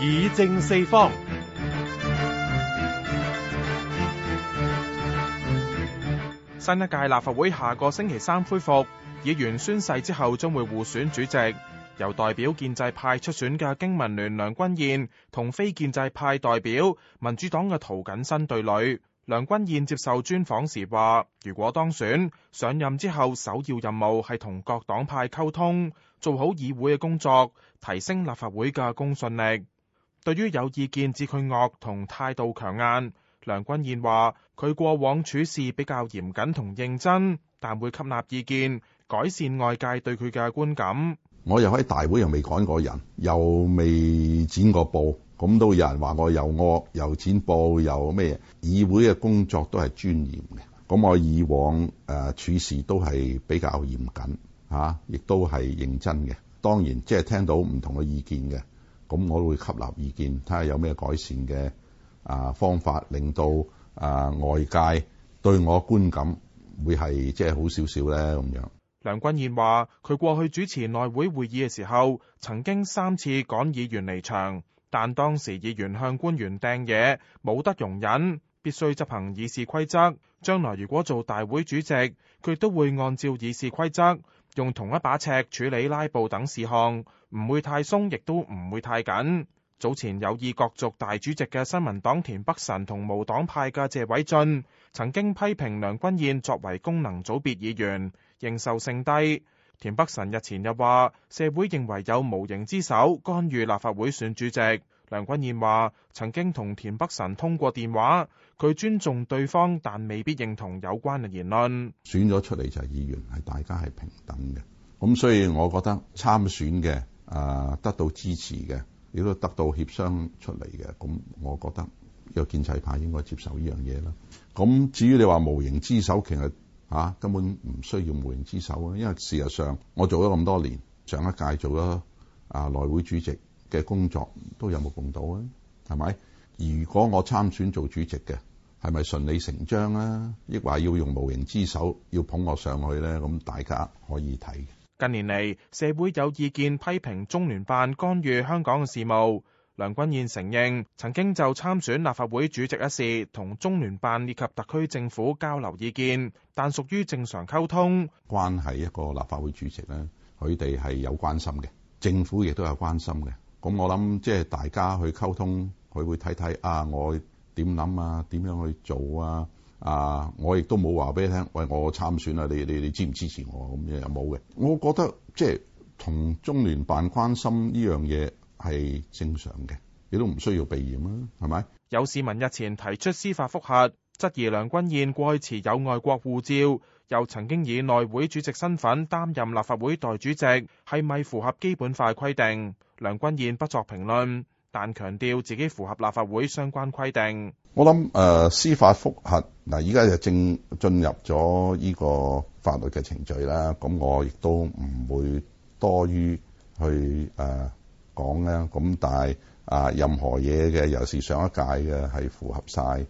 議政四方。新一屆立法會下個星期三恢復議員宣誓之後，將會互選主席。由代表建制派出選嘅經民聯梁君彥同非建制派代表民主黨嘅涂謹申對壘。梁君彥接受專訪時話，如果當選上任之後，首要任務係同各黨派溝通，做好議會嘅工作，提升立法會嘅公信力。對於有意見指佢惡同態度強硬，梁君彥話：佢過往處事比較嚴謹同認真，但會吸納意見，改善外界對佢嘅觀感。我又喺大會又未趕過人，又未剪過布，咁都有人話我又惡又剪布又咩？議會嘅工作都係尊嚴嘅，咁我以往誒處事都係比較嚴謹啊，亦都係認真嘅。當然，即係聽到唔同嘅意見嘅。咁我會吸納意見，睇下有咩改善嘅啊方法，令到啊外界對我觀感會係即係好少少咧，咁樣。梁君彥話：佢過去主持內會會議嘅時候，曾經三次趕議員離場，但當時議員向官員掟嘢，冇得容忍，必須執行議事規則。將來如果做大會主席，佢都會按照議事規則。用同一把尺處理拉布等事項，唔會太鬆，亦都唔會太緊。早前有意角逐大主席嘅新民黨田北辰同無黨派嘅謝偉俊，曾經批評梁君彥作為功能組別議員，認受性低。田北辰日前又話，社會認為有無形之手干預立法會選主席。梁君彥話：曾經同田北辰通過電話，佢尊重對方，但未必認同有關嘅言論。選咗出嚟就係議員，係大家係平等嘅。咁所以我覺得參選嘅啊，得到支持嘅，亦都得到協商出嚟嘅。咁我覺得有建制派應該接受呢樣嘢啦。咁至於你話無形之手，其實啊根本唔需要無形之手啊，因為事實上我做咗咁多年，上一屆做咗啊內會主席。嘅工作都有目共睹啊，係咪？如果我參選做主席嘅，係咪順理成章啊，抑或要用無形之手要捧我上去咧？咁大家可以睇近年嚟，社會有意見批評中聯辦干預香港嘅事務。梁君彥承認曾經就參選立法會主席一事同中聯辦以及特區政府交流意見，但屬於正常溝通。關係一個立法會主席咧，佢哋係有關心嘅，政府亦都有關心嘅。咁我諗即係大家去溝通，佢會睇睇啊，我點諗啊，點樣去做啊？啊，我亦都冇話俾你聽，喂，我參選啊。你你你支唔支持我？咁樣有冇嘅，我覺得即係同中聯辦關心呢樣嘢係正常嘅，你都唔需要避嫌啊，係咪？有市民日前提出司法覆核。質疑梁君彥過去持有外國護照，又曾經以內會主席身份擔任立法會代主席，係咪符合基本法規定？梁君彥不作評論，但強調自己符合立法會相關規定。我諗誒，司法覆核嗱，依家就正進入咗呢個法律嘅程序啦。咁我亦都唔會多於去誒講咧。咁但係啊，任何嘢嘅，尤其是上一屆嘅，係符合晒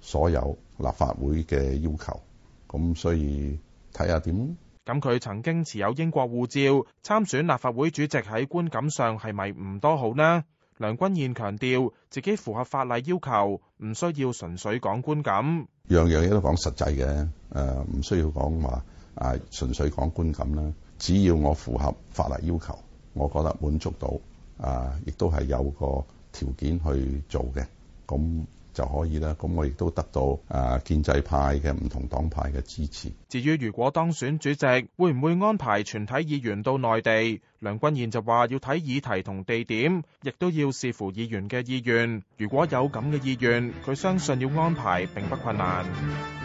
所有立法會嘅要求，咁所以睇下點。咁佢曾經持有英國護照，參選立法會主席喺觀感上係咪唔多好呢？梁君彥強調自己符合法例要求，唔需要純粹講觀感。樣樣嘢都講實際嘅，誒唔需要講話啊，純粹講觀感啦。只要我符合法例要求，我覺得滿足到啊，亦都係有個條件去做嘅，咁。就可以啦，咁我亦都得到啊建制派嘅唔同黨派嘅支持。至於如果當選主席，會唔會安排全體議員到內地？梁君彥就話要睇議題同地點，亦都要視乎議員嘅意願。如果有咁嘅意願，佢相信要安排並不困難。